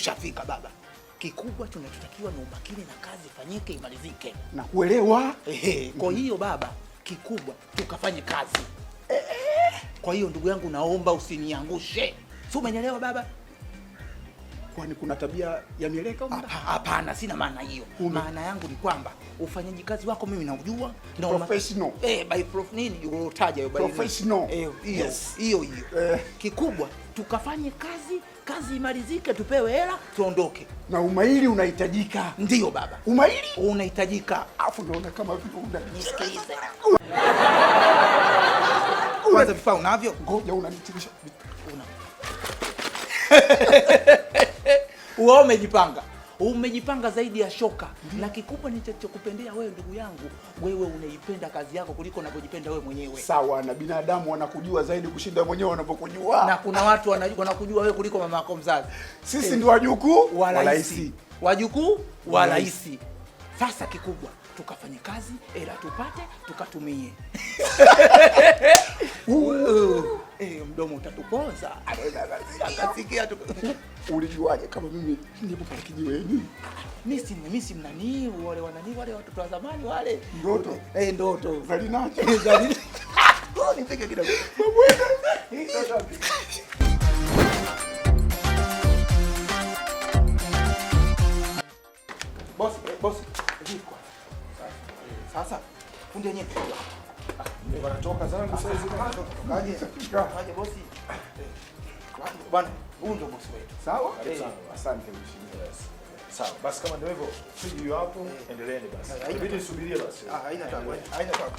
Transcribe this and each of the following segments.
tushafika baba. Kikubwa tunachotakiwa ni umakini na kazi ifanyike imalizike. Na kuelewa. Ehe, kwa mhm. hiyo baba, kikubwa tukafanye kazi. Ehe. Eh. Kwa hiyo ndugu yangu, naomba usiniangushe. Si umenielewa baba? kwani kuna tabia ya mieleka? Hapana, sina maana hiyo. Maana yangu ni kwamba ufanyaji kazi wako mimi naujua na professional. Eh, by prof nini ulotaja hiyo by professional. Eh, hiyo hiyo hiyo. Eh. Kikubwa tukafanye kazi kazi imalizike, tupewe hela tuondoke. Na umahiri unahitajika. Ndiyo baba, umahiri unahitajika. Afu naona kama vitu unisikilize kwanza, vifaa unavyo, ngoja unanitikisha. una uwe umejipanga umejipanga zaidi ya shoka na kikubwa nichokupendea wewe ndugu yangu, wewe unaipenda kazi yako kuliko unavyojipenda wewe mwenyewe. Sawa, na binadamu wanakujua zaidi kushinda mwenyewe wanavyokujua, na kuna watu wanakujua wewe kuliko mama yako mzazi. Sisi eh, ndio wajukuu wa rais, wajukuu wa rais. Sasa kikubwa tukafanye kazi, ila tupate, tukatumie eh, mdomo utatuponza. Akasikia tu. Ulijuaje kama mimi nipo pale kijiweni? Mimi si mimi si mnani wale wanani wale watoto wa zamani wale. Ndoto. Eh, ndoto. Zalinacho. Eh, Zalinacho. Oh, nipige kidogo. Mabwana. Bosi, bosi. Sasa, fundi yenyewe wanatoka zangu saizi kaje bosi. Bwana, huyu ndio bosi wetu. Sawa? Asante mheshimiwa. Sawa. Basi kama ndio hivyo, hapo, eh. endeleeni basi. Inabidi subirie basi. Ah, haina tabu. Haina tabu.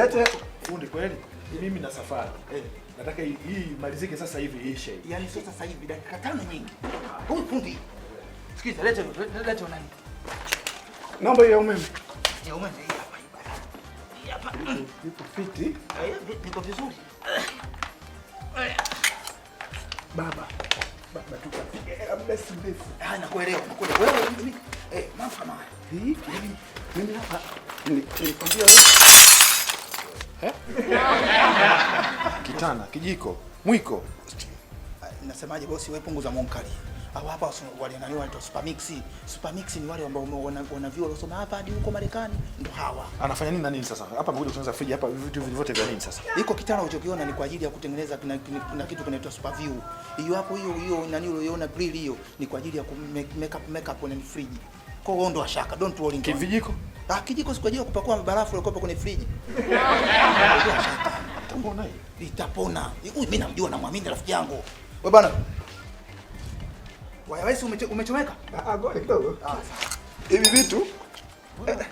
Lete fundi kweli. Mimi na safari. Eh. Nataka hii imalizike sasa hivi ishe. Yaani sio sasa hivi dakika tano nyingi. Huyu fundi. Sikiza lete lete unani. Namba ya umeme. Ya umeme hii hapa hii hapa. Niko fiti. Niko ah, vizuri. Baba. Baba tutapiga eh, muda si Ah, nakuelewa. Nakuelewa. Wewe mimi eh mambo kama yaani, Mimi hapa nilikwambia kukutana, kijiko, mwiko. Nasemaje bosi, wewe punguza munkari. Au hapa wale nani wale to super mix. Super mix ni wale ambao wana vyuo wanasoma hapa hadi huko Marekani, ndo hawa. Anafanya nini na nini sasa? Hapa mkuja kutengeneza fridge hapa vitu vyote vya nini sasa? Iko kitana unachokiona ni kwa ajili ya kutengeneza kuna, kuna kitu kinaitwa super view. Hiyo hapo hiyo hiyo nani uliyoiona grill hiyo ni kwa ajili ya ku make up make up kwenye fridge. Kwa hiyo ndo ashaka. Don't worry. Kijiko? Ah, kijiko si kwa ajili ya kupakua barafu iliyokuwa kwenye friji. Itapona naye Itapona. Huyu mimi namjua, na namwamini rafiki yangu. Wewe bwana. Waya wewe umechomeka? Ah, ah, ngoja kidogo. Ah. Hivi vitu. Mbona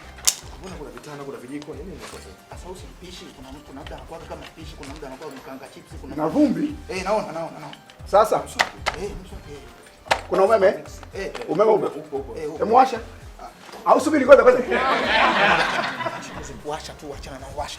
kuna vitana, kuna vijiko, nini ninakosa? Asa usi mpishi, kuna mtu labda anakuwa kama mpishi, kuna mtu anakuwa mkanga chips, kuna na vumbi. Eh, naona naona naona. Sasa. Eh, mshoke. Eh. Kuna umeme? Eh, eh, eh. umeme upo. Eh, mwasha. Au subiri kwanza kwanza. Washa tu, achana na washa.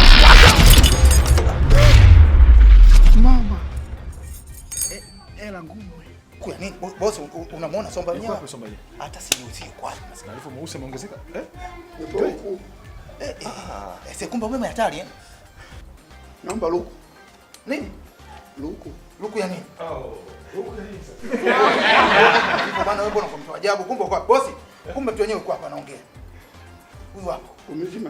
Sombania. Hata mweusi ameongezeka. Eh? Eh, eh. eh, eh, ah. eh hatari eh. Naomba luku. Nini? Luku. Luku ya nini? Oh. Luku ya nini Kwa wewe mbona kwa mtu ajabu? Kumbe kwa bosi. Kumbe mtu wenyewe hapa anaongea. Huyu hapo. Umezima.